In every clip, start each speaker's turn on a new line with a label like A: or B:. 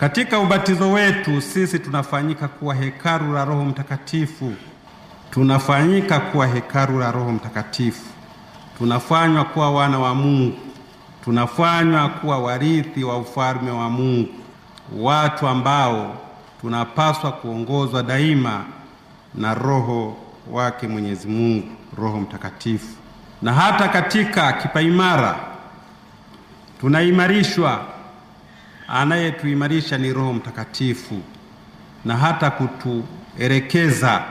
A: Katika ubatizo wetu sisi tunafanyika kuwa hekalu la Roho Mtakatifu, tunafanyika kuwa hekalu la Roho Mtakatifu, tunafanywa kuwa wana wa Mungu, tunafanywa kuwa warithi wa ufalme wa Mungu, watu ambao tunapaswa kuongozwa daima na Roho wake Mwenyezi Mungu, Roho Mtakatifu. Na hata katika kipaimara tunaimarishwa anayetuimarisha ni Roho Mtakatifu na hata kutuelekeza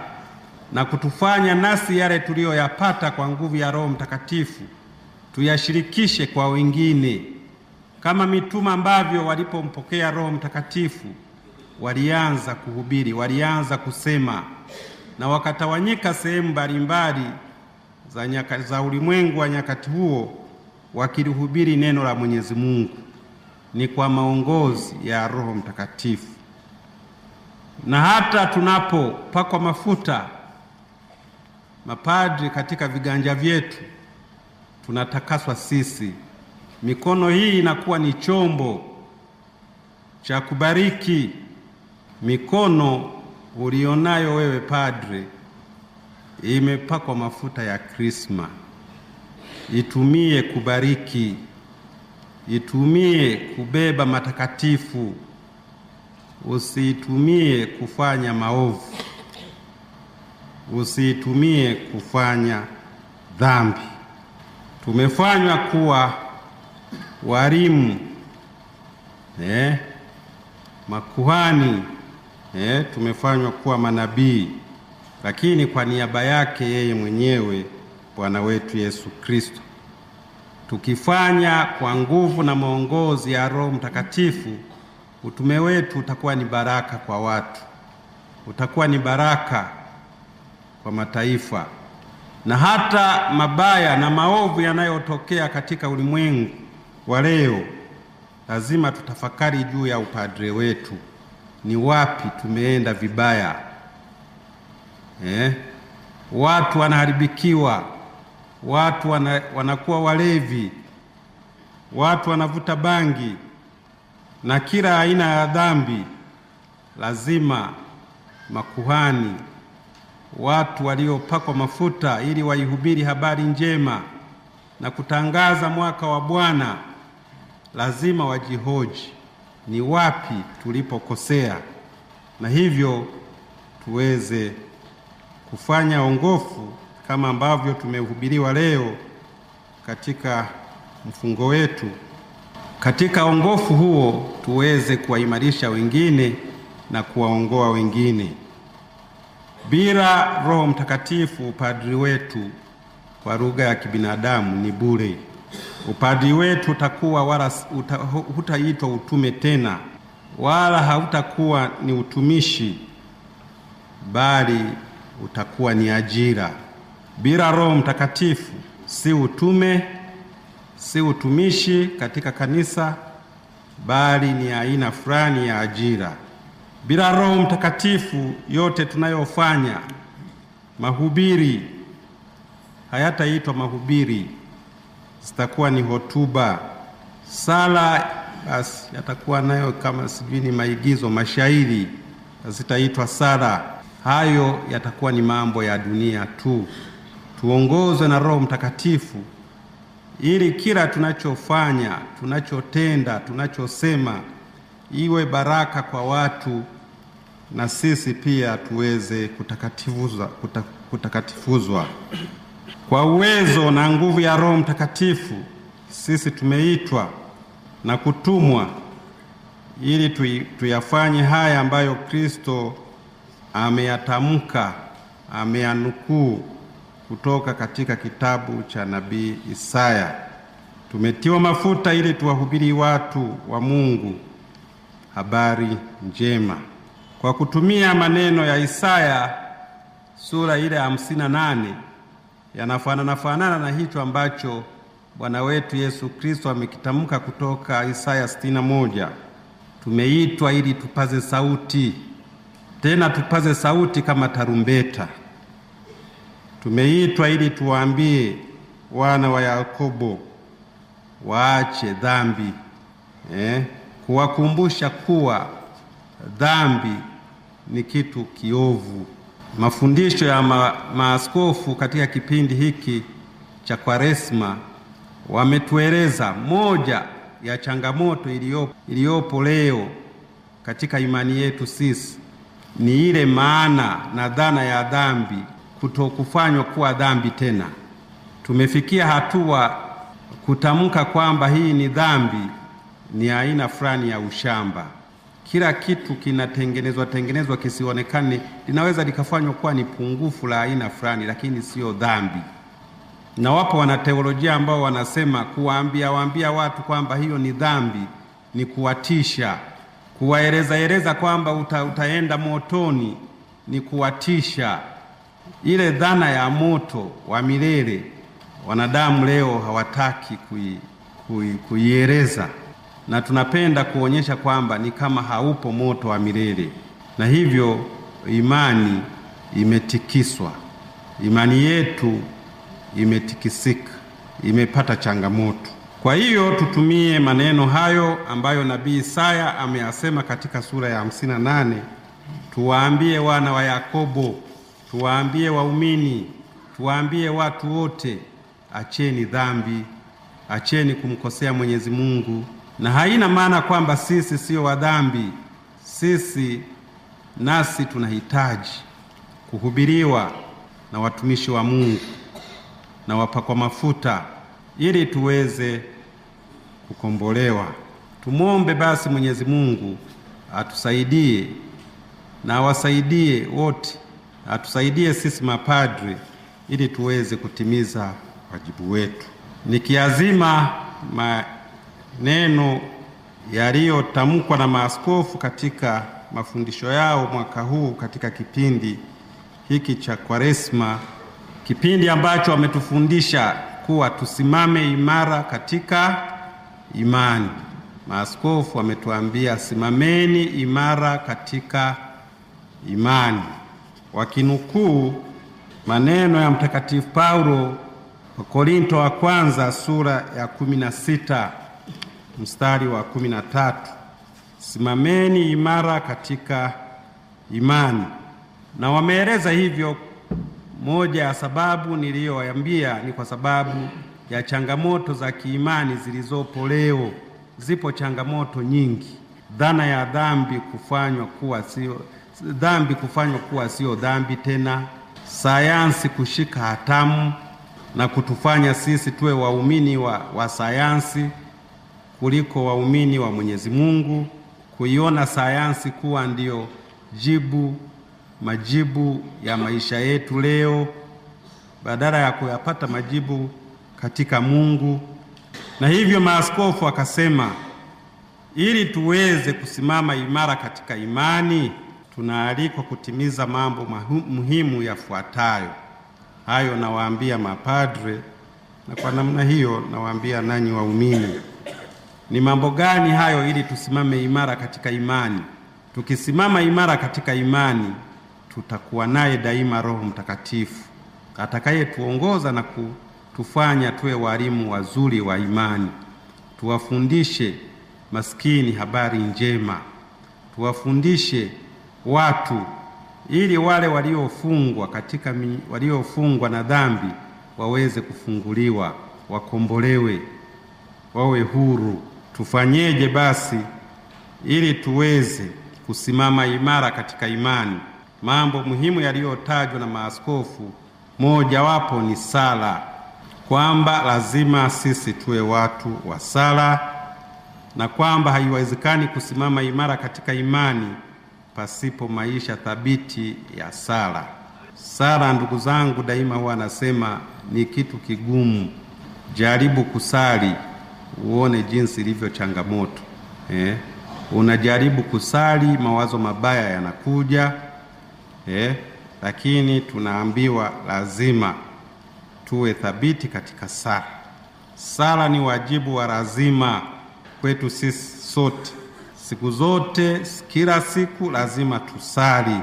A: na kutufanya nasi yale tuliyoyapata kwa nguvu ya Roho Mtakatifu tuyashirikishe kwa wengine, kama mituma ambavyo walipompokea Roho Mtakatifu walianza kuhubiri, walianza kusema na wakatawanyika sehemu mbalimbali za, za ulimwengu wa nyakati huo wakilihubiri neno la Mwenyezi Mungu ni kwa maongozi ya Roho Mtakatifu. Na hata tunapopakwa mafuta mapadri katika viganja vyetu, tunatakaswa sisi. Mikono hii inakuwa ni chombo cha kubariki mikono ulionayo wewe padre, imepakwa mafuta ya krisma, itumie kubariki itumie kubeba matakatifu, usiitumie kufanya maovu, usiitumie kufanya dhambi. Tumefanywa kuwa walimu eh, makuhani eh, tumefanywa kuwa manabii, lakini kwa niaba yake yeye mwenyewe Bwana wetu Yesu Kristo. Tukifanya kwa nguvu na maongozi ya Roho Mtakatifu, utume wetu utakuwa ni baraka kwa watu, utakuwa ni baraka kwa mataifa, na hata mabaya na maovu yanayotokea katika ulimwengu wa leo, lazima tutafakari juu ya upadre wetu. Ni wapi tumeenda vibaya eh? Watu wanaharibikiwa watu wana, wanakuwa walevi, watu wanavuta bangi na kila aina ya dhambi. Lazima makuhani, watu waliopakwa mafuta, ili waihubiri habari njema na kutangaza mwaka wa Bwana, lazima wajihoji ni wapi tulipokosea, na hivyo tuweze kufanya ongofu kama ambavyo tumehubiriwa leo katika mfungo wetu. Katika ongofu huo tuweze kuwaimarisha wengine na kuwaongoa wengine. Bila Roho Mtakatifu, upadri wetu kwa lugha ya kibinadamu ni bure. Upadri wetu utakuwa wala uta, hutaitwa utume tena, wala hautakuwa ni utumishi, bali utakuwa ni ajira. Bila Roho Mtakatifu si utume, si utumishi katika kanisa, bali ni aina fulani ya ajira. Bila Roho Mtakatifu yote tunayofanya mahubiri hayataitwa mahubiri, zitakuwa ni hotuba. Sala basi yatakuwa nayo kama sijui ni maigizo, mashairi, zitaitwa sala. Hayo yatakuwa ni mambo ya dunia tu tuongozwe na Roho Mtakatifu ili kila tunachofanya, tunachotenda, tunachosema iwe baraka kwa watu na sisi pia tuweze kutakatifuzwa, kuta, kutakatifuzwa. Kwa uwezo na nguvu ya Roho Mtakatifu sisi tumeitwa na kutumwa ili tuyafanye haya ambayo Kristo ameyatamka, ameyanukuu kutoka katika kitabu cha nabii Isaya. Tumetiwa mafuta ili tuwahubiri watu wa Mungu habari njema kwa kutumia maneno ya Isaya sura ile hamsini na nane yanafanana fanana na hicho ambacho Bwana wetu Yesu Kristo amekitamka kutoka Isaya sitini na moja. Tumeitwa ili tupaze sauti, tena tupaze sauti kama tarumbeta. Tumeitwa ili tuwaambie wana wa Yakobo waache dhambi eh, kuwakumbusha kuwa dhambi ni kitu kiovu. Mafundisho ya ma, maaskofu katika kipindi hiki cha Kwaresma wametueleza moja ya changamoto iliyopo, iliyopo leo katika imani yetu sisi ni ile maana na dhana ya dhambi kutokufanywa kuwa dhambi tena. Tumefikia hatua kutamka kwamba hii ni dhambi, ni aina fulani ya ushamba. Kila kitu kinatengenezwa tengenezwa kisionekane, linaweza likafanywa kuwa ni pungufu la aina fulani, lakini siyo dhambi. Na wapo wanateolojia ambao wanasema kuwaambia waambia watu kwamba hiyo ni dhambi ni kuwatisha, kuwaeleza eleza kwamba uta, utaenda motoni ni kuwatisha. Ile dhana ya moto wa milele wanadamu leo hawataki kui, kui, kuieleza, na tunapenda kuonyesha kwamba ni kama haupo moto wa milele, na hivyo imani imetikiswa, imani yetu imetikisika, imepata changamoto. Kwa hiyo tutumie maneno hayo ambayo nabii Isaya ameyasema katika sura ya 58 tuwaambie wana wa Yakobo tuwaambie waumini, tuwaambie watu wote, acheni dhambi, acheni kumkosea Mwenyezi Mungu. Na haina maana kwamba sisi sio wadhambi, sisi nasi tunahitaji kuhubiriwa na watumishi wa Mungu na wapakwa mafuta ili tuweze kukombolewa. Tumwombe basi Mwenyezi Mungu atusaidie na awasaidie wote atusaidie sisi mapadri ili tuweze kutimiza wajibu wetu. Nikiazima maneno yaliyotamkwa na maaskofu katika mafundisho yao mwaka huu katika kipindi hiki cha Kwaresma, kipindi ambacho wametufundisha kuwa tusimame imara katika imani. Maaskofu wametuambia simameni imara katika imani wakinukuu maneno ya Mtakatifu Paulo wa Korinto wa kwanza sura ya 16 mstari wa 13, simameni imara katika imani. Na wameeleza hivyo. Moja ya sababu niliyoyambia ni kwa sababu ya changamoto za kiimani zilizopo leo. Zipo changamoto nyingi, dhana ya dhambi kufanywa kuwa sio dhambi kufanywa kuwa sio dhambi tena, sayansi kushika hatamu na kutufanya sisi tuwe waumini wa, wa sayansi kuliko waumini wa Mwenyezi Mungu, kuiona sayansi kuwa ndiyo jibu majibu ya maisha yetu leo badala ya kuyapata majibu katika Mungu. Na hivyo maaskofu akasema, ili tuweze kusimama imara katika imani tunaalikwa kutimiza mambo muhimu yafuatayo. Hayo nawaambia mapadre, na kwa namna hiyo nawaambia nanyi waumini. Ni mambo gani hayo? Ili tusimame imara katika imani. Tukisimama imara katika imani, tutakuwa naye daima Roho Mtakatifu atakayetuongoza na kutufanya tuwe walimu wazuri wa imani. Tuwafundishe maskini habari njema, tuwafundishe watu ili wale waliofungwa katika waliofungwa na dhambi waweze kufunguliwa, wakombolewe, wawe huru. Tufanyeje basi ili tuweze kusimama imara katika imani? Mambo muhimu yaliyotajwa na maaskofu, mojawapo ni sala, kwamba lazima sisi tuwe watu wa sala na kwamba haiwezekani kusimama imara katika imani pasipo maisha thabiti ya sala. Sala, ndugu zangu, daima huwa anasema ni kitu kigumu. Jaribu kusali uone jinsi ilivyo changamoto eh. Unajaribu kusali, mawazo mabaya yanakuja eh, lakini tunaambiwa lazima tuwe thabiti katika sala. Sala ni wajibu wa lazima kwetu sisi sote. Siku zote kila siku lazima tusali,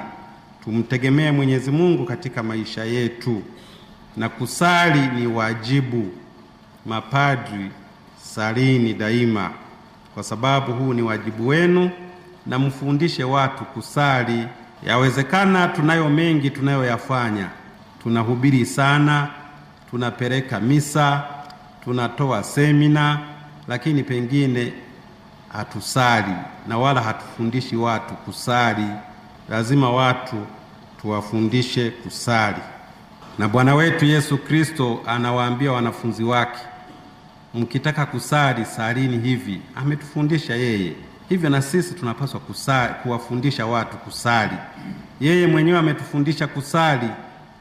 A: tumtegemee Mwenyezi Mungu katika maisha yetu, na kusali ni wajibu. Mapadri, salini daima, kwa sababu huu ni wajibu wenu, na mfundishe watu kusali. Yawezekana tunayo mengi tunayoyafanya, tunahubiri sana, tunapeleka misa, tunatoa semina, lakini pengine hatusali na wala hatufundishi watu kusali. Lazima watu tuwafundishe kusali. Na Bwana wetu Yesu Kristo anawaambia wanafunzi wake, mkitaka kusali salini hivi. Ametufundisha yeye hivyo, na sisi tunapaswa kusali, kuwafundisha watu kusali. Yeye mwenyewe ametufundisha kusali,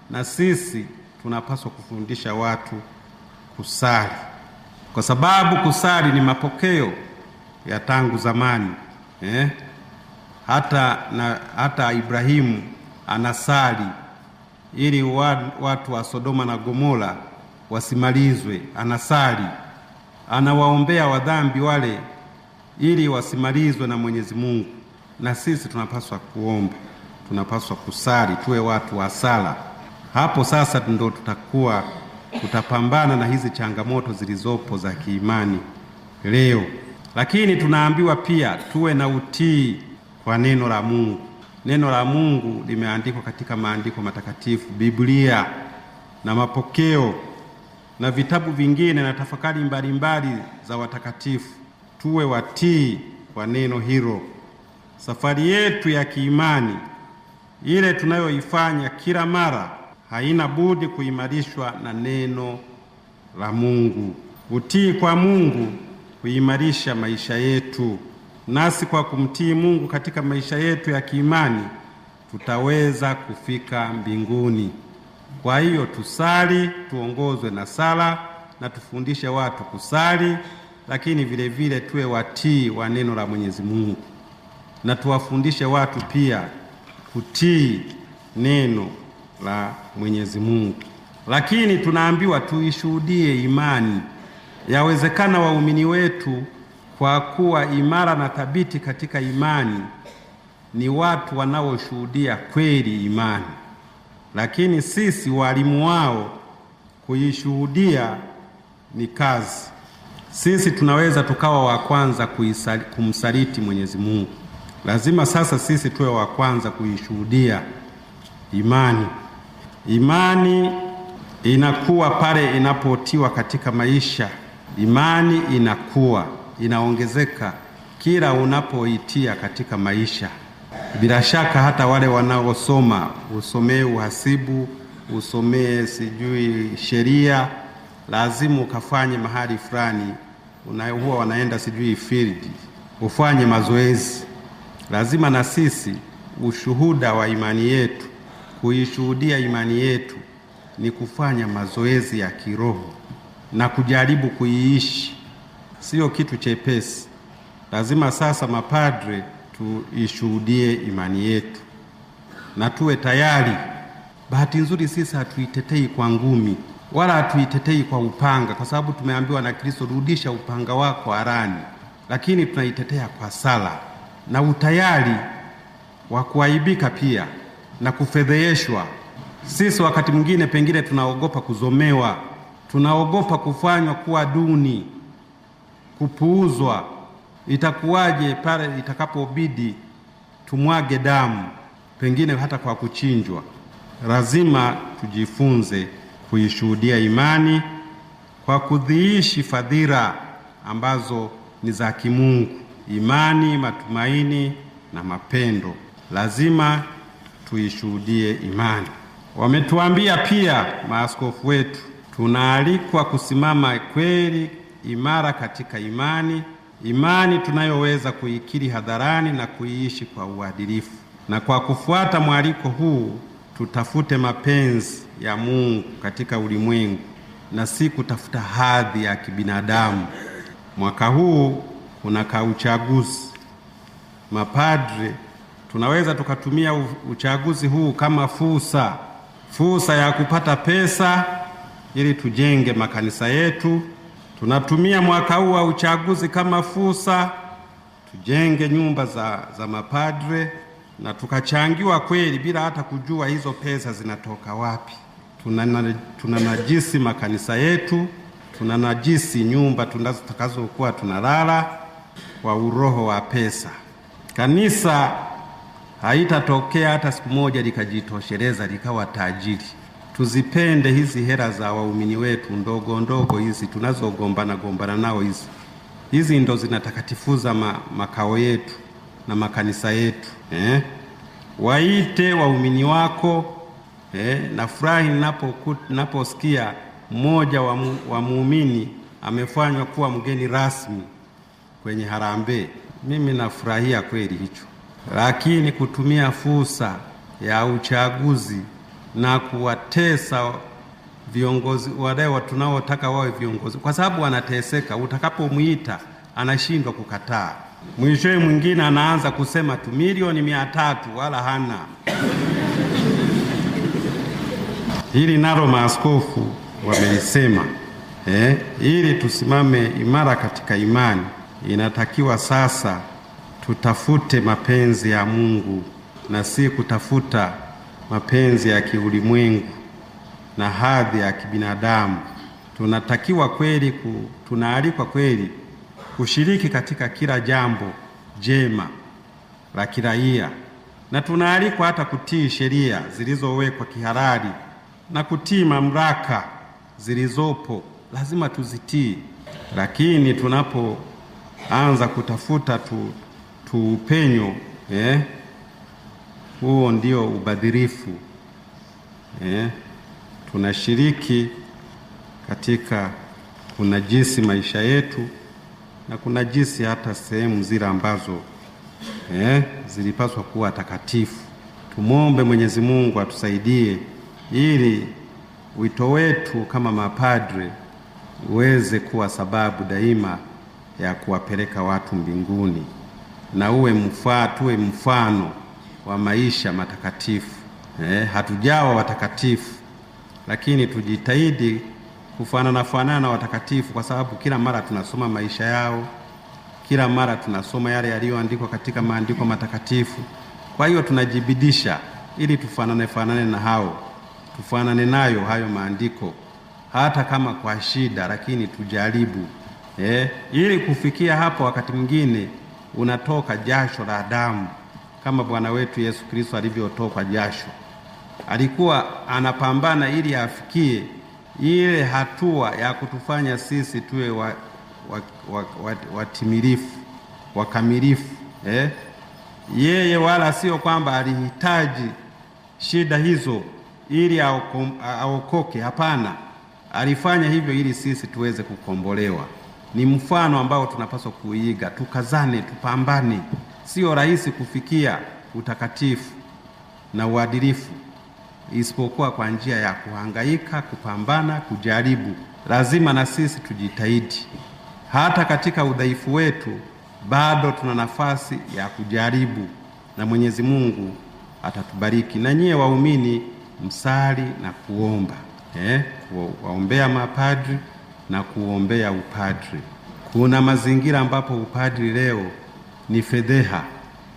A: na sisi tunapaswa kufundisha watu kusali, kwa sababu kusali ni mapokeo ya tangu zamani eh? Hata, na, hata Ibrahimu anasali ili watu wa Sodoma na Gomora wasimalizwe. Anasali, anawaombea wadhambi wale ili wasimalizwe na Mwenyezi Mungu. Na sisi tunapaswa kuomba, tunapaswa kusali, tuwe watu wa sala. Hapo sasa ndo tutakuwa tutapambana na hizi changamoto zilizopo za kiimani leo. Lakini tunaambiwa pia tuwe na utii kwa neno la Mungu. Neno la Mungu limeandikwa katika maandiko matakatifu, Biblia na mapokeo na vitabu vingine na tafakari mbalimbali za watakatifu. Tuwe watii kwa neno hilo. Safari yetu ya kiimani ile tunayoifanya kila mara haina budi kuimarishwa na neno la Mungu. Utii kwa Mungu kuimarisha maisha yetu, nasi kwa kumtii Mungu katika maisha yetu ya kiimani tutaweza kufika mbinguni. Kwa hiyo tusali, tuongozwe na sala na tufundishe watu kusali, lakini vile vile tuwe watii wa neno la Mwenyezi Mungu na tuwafundishe watu pia kutii neno la Mwenyezi Mungu. Lakini tunaambiwa tuishuhudie imani. Yawezekana waumini wetu kwa kuwa imara na thabiti katika imani ni watu wanaoshuhudia kweli imani, lakini sisi walimu wao kuishuhudia ni kazi. Sisi tunaweza tukawa wa kwanza kumsaliti Mwenyezi Mungu. Lazima sasa sisi tuwe wa kwanza kuishuhudia imani. Imani inakuwa pale inapotiwa katika maisha. Imani inakuwa inaongezeka kila unapoitia katika maisha. Bila shaka hata wale wanaosoma, usomee uhasibu, usomee sijui sheria, lazima ukafanye mahali fulani, huwa wanaenda sijui field, ufanye mazoezi. Lazima na sisi ushuhuda wa imani yetu, kuishuhudia imani yetu ni kufanya mazoezi ya kiroho na kujaribu kuiishi, sio kitu chepesi. Lazima sasa mapadre tuishuhudie imani yetu na tuwe tayari. Bahati nzuri sisi hatuitetei kwa ngumi wala hatuitetei kwa upanga, kwa sababu tumeambiwa na Kristo, rudisha upanga wako harani, lakini tunaitetea kwa sala na utayari wa kuaibika pia na kufedheheshwa. Sisi wakati mwingine pengine tunaogopa kuzomewa Tunaogopa kufanywa kuwa duni, kupuuzwa. Itakuwaje pale itakapobidi tumwage damu, pengine hata kwa kuchinjwa? Lazima tujifunze kuishuhudia imani kwa kudhiishi fadhila ambazo ni za kimungu: imani, matumaini na mapendo. Lazima tuishuhudie imani. Wametuambia pia maaskofu wetu tunaalikwa kusimama kweli imara katika imani, imani tunayoweza kuikiri hadharani na kuiishi kwa uadilifu. Na kwa kufuata mwaliko huu, tutafute mapenzi ya Mungu katika ulimwengu na si kutafuta hadhi ya kibinadamu. Mwaka huu kuna ka uchaguzi, mapadre tunaweza tukatumia uchaguzi huu kama fursa, fursa ya kupata pesa ili tujenge makanisa yetu. Tunatumia mwaka huu wa uchaguzi kama fursa tujenge nyumba za, za mapadre na tukachangiwa kweli bila hata kujua hizo pesa zinatoka wapi. tunanajisi tuna makanisa yetu, tuna najisi nyumba tutakazokuwa tunalala kwa uroho wa pesa. Kanisa haitatokea hata siku moja likajitosheleza likawa tajiri tuzipende hizi hela za waumini wetu ndogo ndogo hizi tunazogombana gombana nao hizi hizi ndo zinatakatifuza ma, makao yetu na makanisa yetu eh? Waite waumini wako eh? Na furahi ninaposikia mmoja wa muumini amefanywa kuwa mgeni rasmi kwenye harambee. Mimi nafurahia kweli hicho, lakini kutumia fursa ya uchaguzi na kuwatesa viongozi wale tunaotaka wawe viongozi, kwa sababu wanateseka. Utakapomwita anashindwa kukataa, mwishowe mwingine anaanza kusema tu milioni mia tatu wala hana. Hili nalo maaskofu wamelisema eh, ili tusimame imara katika imani, inatakiwa sasa tutafute mapenzi ya Mungu na si kutafuta mapenzi ya kiulimwengu na hadhi ya kibinadamu. Tunatakiwa kweli ku, tunaalikwa kweli kushiriki katika kila jambo jema la kiraia na tunaalikwa hata kutii sheria zilizowekwa kihalali na kutii mamlaka zilizopo, lazima tuzitii. Lakini tunapoanza kutafuta tu, tu upenyo eh, huo ndio ubadhirifu eh. Tunashiriki katika kunajisi maisha yetu na kunajisi hata sehemu zile ambazo eh, zilipaswa kuwa takatifu. Tumwombe Mwenyezi Mungu atusaidie ili wito wetu kama mapadre uweze kuwa sababu daima ya kuwapeleka watu mbinguni na uwe mfaa, tuwe mfano wa maisha matakatifu eh, hatujawa watakatifu, lakini tujitahidi kufanana fanana na watakatifu, kwa sababu kila mara tunasoma maisha yao, kila mara tunasoma yale yaliyoandikwa katika maandiko matakatifu. Kwa hiyo tunajibidisha ili tufanane fanane na hao, tufanane nayo hayo maandiko, hata kama kwa shida, lakini tujaribu eh, ili kufikia hapo. Wakati mwingine unatoka jasho la damu kama Bwana wetu Yesu Kristo alivyotokwa jasho. Alikuwa anapambana ili afikie ile hatua ya kutufanya sisi tuwe wa, wa, wa, wa, watimilifu wakamilifu eh? Yeye wala sio kwamba alihitaji shida hizo ili aokoke. Hapana, alifanya hivyo ili sisi tuweze kukombolewa. Ni mfano ambao tunapaswa kuiga, tukazane, tupambane sio rahisi kufikia utakatifu na uadilifu isipokuwa kwa njia ya kuhangaika, kupambana, kujaribu. Lazima na sisi tujitahidi, hata katika udhaifu wetu bado tuna nafasi ya kujaribu, na Mwenyezi Mungu atatubariki. Na nyie waumini, msali na kuomba eh, waombea mapadri na kuombea upadri. Kuna mazingira ambapo upadri leo ni fedheha,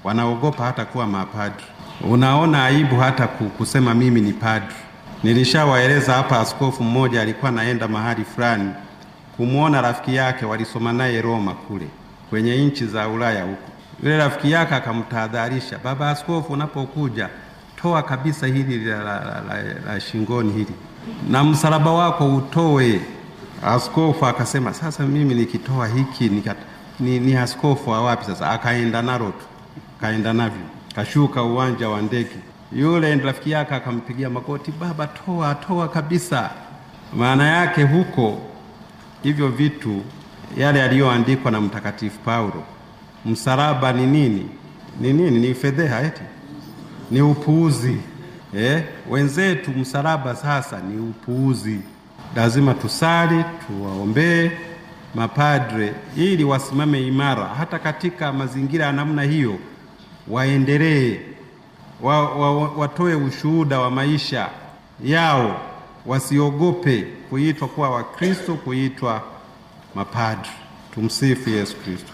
A: wanaogopa hata kuwa mapadri. Unaona aibu hata kusema mimi ni padri. Nilishawaeleza hapa, askofu mmoja alikuwa anaenda mahali fulani kumwona rafiki yake, walisoma naye Roma kule kwenye nchi za Ulaya huko. Yule rafiki yake akamtahadharisha, baba askofu, unapokuja toa kabisa hili la, la, la, la, la shingoni hili na msalaba wako utoe. Askofu akasema sasa mimi nikitoa hiki nikata ni, ni askofu wa wapi sasa, akaenda nalo tu, kaenda navyo, kashuka uwanja wa ndege, yule rafiki yake akampigia makoti, baba, toa toa kabisa. Maana yake huko hivyo vitu yale yaliyoandikwa na Mtakatifu Paulo, msalaba ni nini? Ni nini? Ni fedheha, eti ni upuuzi eh? Wenzetu msalaba sasa ni upuuzi. Lazima tusali, tuwaombee mapadre ili wasimame imara hata katika mazingira ya namna hiyo, waendelee wa, wa, watoe ushuhuda wa maisha yao, wasiogope kuitwa kuwa Wakristo, kuitwa mapadre. Tumsifu Yesu Kristo.